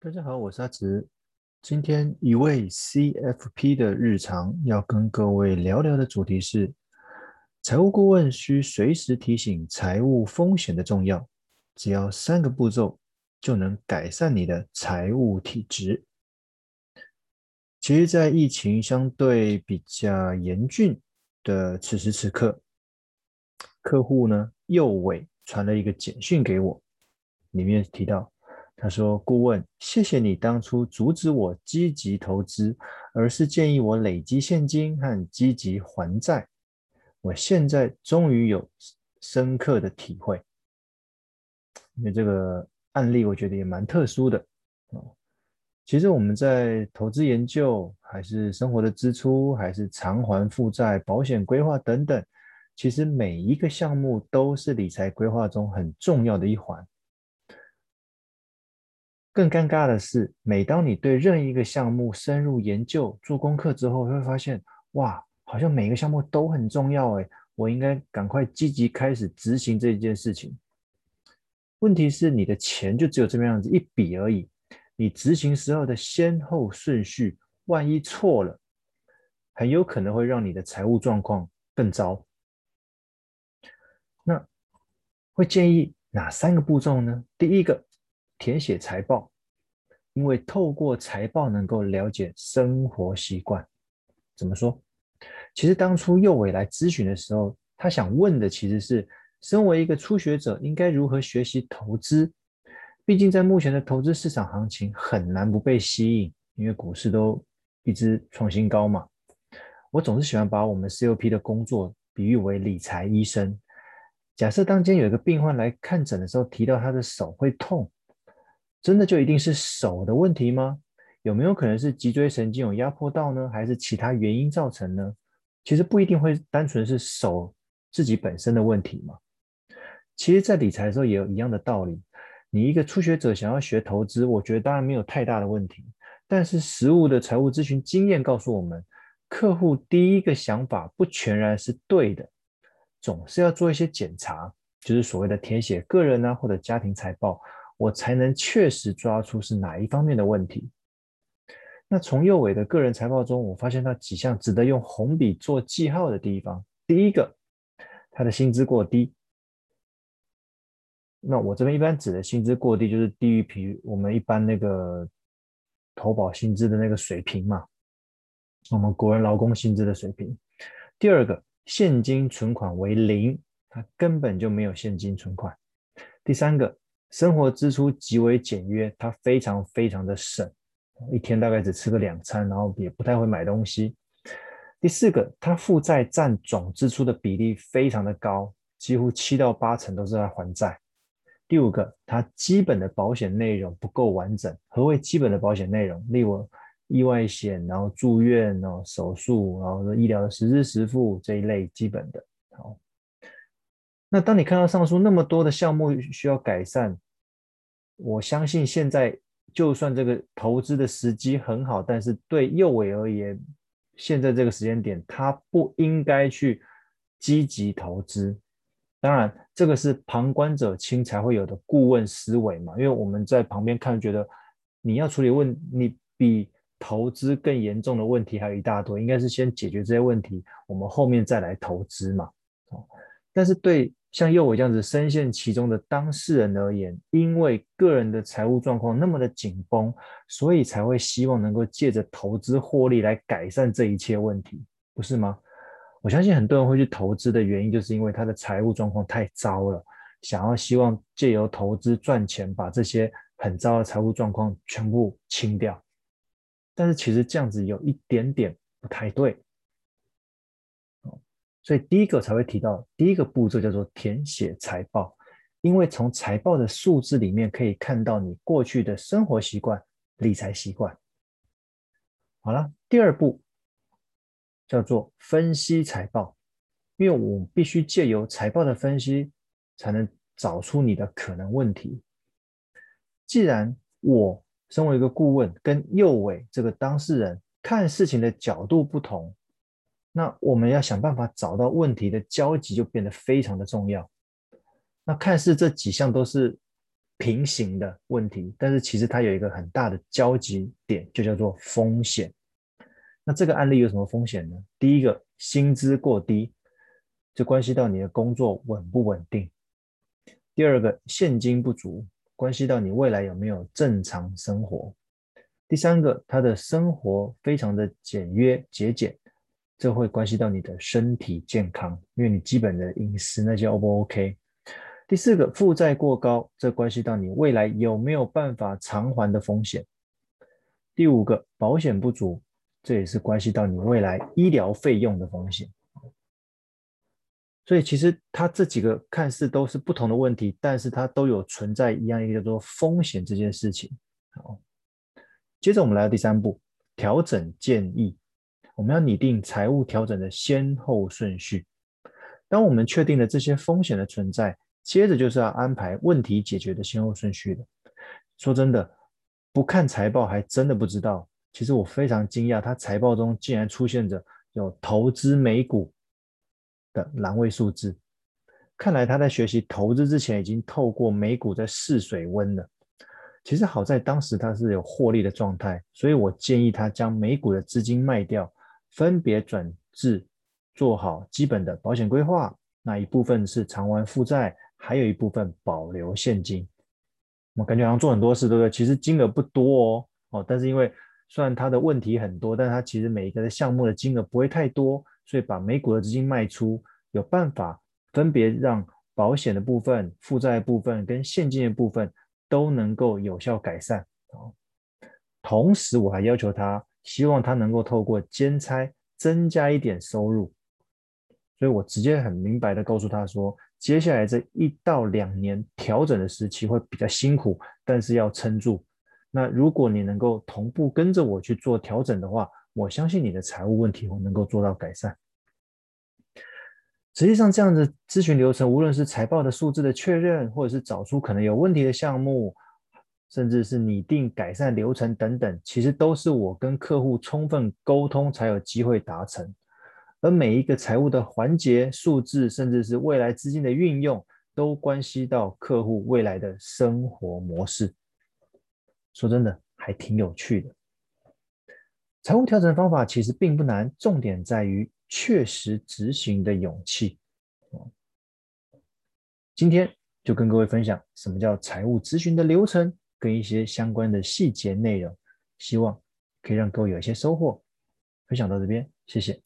大家好，我是阿直。今天一位 CFP 的日常，要跟各位聊聊的主題是：財務顧問需隨時提醒財務風險的重要。只要三個步驟，就能改善你的財務體質。其實，在疫情相對比較嚴峻的此時此刻，客戶呢，祐偉傳了一個簡訊給我，裡面提到。他說：“顧問，謝謝你當初阻止我積極投資，而是建議我累積現金和積極還債。我現在終於有深刻的體會。因為這個案例，我覺得也蠻特殊的。哦，其實我們在投資研究，還是生活的支出，還是償還負債、保險規劃等等，其實每一個項目都是理財規劃中很重要的一環。”更尷尬的是，每當你對任一個項目深入研究、做功課之後，你會發現，哇，好像每一個項目都很重要哎，我應該趕快積極開始執行這件事情。問題是，你的錢就只有這麼樣子一筆而已，你執行時候的先後順序，萬一錯了，很有可能會讓你的財務狀況更糟。那會建議哪三個步驟呢？第一個。填寫財報，因為透過財報能夠了解生活習慣。怎麼說？其實當初祐偉來諮詢的時候，他想問的其實是：身為一個初學者，應該如何學習投資？畢竟在目前的投資市場行情很難不被吸引，因為股市都一直創新高嘛。我總是喜歡把我們 CFP 的工作比喻為理財醫生。假設當天有一個病患來看診的時候，提到他的手會痛。真的就一定是手的問題嗎？有沒有可能是脊椎神經有壓迫到呢？還是其他原因造成呢？其實不一定會單純是手自己本身的問題嘛。其實，在理財的時候也有一樣的道理。你一個初學者想要學投資，我覺得當然沒有太大的問題。但是實務的財務諮詢經驗告訴我們，客戶第一個想法不全然是對的，總是要做一些檢查，就是所謂的填寫個人啊或者家庭財報。我才能確實抓出是哪一方面的問題。那從祐偉的個人財報中，我發現他幾項值得用紅筆做記號的地方。第一個，他的薪資過低。那我這邊一般指的薪資過低，就是低於平我們一般那個投保薪資的那個水平嘛，我們國人勞工薪資的水平。第二個，現金存款為零，他根本就沒有現金存款。第三個。生活支出極為簡約，他非常非常的省，一天大概只吃個兩餐，然後也不太會買東西。第四個，他負債佔總支出的比例非常的高，幾乎七到八成都是在還債。第五個，他基本的保險內容不夠完整。何謂基本的保險內容？例如意外險，然後住院、然後手術，然後醫療的實支實付這一類基本的。好。那當你看到上述那麼多的項目需要改善，我相信現在就算這個投資的時機很好，但是對祐偉而言，現在這個時間點他不應該去積極投資。當然，這個是旁觀者清才會有的顧問思維嘛，因為我們在旁邊看，覺得你要處理問你比投資更嚴重的問題還有一大堆，應該是先解決這些問題，我們後面再來投資嘛。哦，但是對，像祐偉這樣子深陷其中的當事人而言，因為個人的財務狀況那麼的緊繃，所以才會希望能夠借着投資獲利來改善這一切問題，不是嗎？我相信很多人會去投資的原因，就是因為他的財務狀況太糟了，想要希望借由投資賺錢，把這些很糟的財務狀況全部清掉。但是其實這樣子有一點點不太對。所以第一個才會提到第一個步驟叫做填寫財報，因為從財報的數字裡面可以看到你過去的生活習慣、理財習慣。好了，第二步叫做分析財報，因為我必須借由財報的分析，才能找出你的可能問題。既然我身為一個顧問，跟祐偉這個當事人看事情的角度不同，那我們要想辦法找到問題的交集，就變得非常的重要。那看似這幾項都是平行的問題，但是其實它有一個很大的交集點，就叫做風險。那這個案例有什麼風險呢？第一個，薪資過低，就關係到你的工作穩不穩定；第二個，現金不足，關係到你未來有沒有正常生活；第三個，他的生活非常的簡約節儉。這會關係到你的身體健康，因為你基本的飲食那些 O 不 OK？第四個，負債過高，這關係到你未來有沒有辦法償還的風險。第五個，保險不足，這也是關係到你未來醫療費用的風險。所以其實它這幾個看似都是不同的問題，但是它都有存在一樣一個叫做風險這件事情。好，接着我們來到第三步，調整建議。我們要擬定財務調整的先後順序。當我們確定了這些風險的存在，接着就是要安排問題解決的先後順序的。說真的，不看財報還真的不知道。其實我非常驚訝，他財報中竟然出現着有投資美股的欄位數字。看來他在學習投資之前，已經透過美股在試水溫了。其實好在當時他是有獲利的狀態，所以我建議他將美股的資金賣掉。分別轉至，做好基本的保險規劃，那一部分是償還負債，還有一部分保留現金。我感覺好像做很多事，對不對？其實金額不多哦，哦，但是因為雖然它的問題很多，但它其實每一個項目的金額不會太多，所以把每股的資金賣出，有辦法分別讓保險的部分、負債的部分跟現金的部分都能夠有效改善哦。同時，我還要求他。希望他能夠透過兼差，增加一點收入，所以我直接很明白的告訴他說，接下來這一到兩年調整的時期會比較辛苦，但是要撐住。那如果你能夠同步跟着我去做調整的話，我相信你的財務問題我能夠做到改善。實際上，這樣的諮詢流程，無論是財報的數字的確認，或者是找出可能有問題的項目。甚至是擬定改善流程等等，其實都是我跟客戶充分溝通才有機會達成。而每一個財務的環節、數字，甚至是未來資金的運用，都關係到客戶未來的生活模式。說真的，還挺有趣的。財務調整方法其實並不難，重點在於確實執行的勇氣。今天就跟各位分享什麼叫財務諮詢的流程，跟一些相關的細節內容，希望可以讓各位有一些收穫。分享到這邊，謝謝。